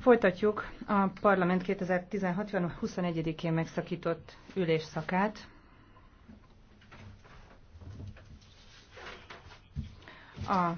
Folytatjuk a parlament 2016. január 21-én megszakított ülésszakát. A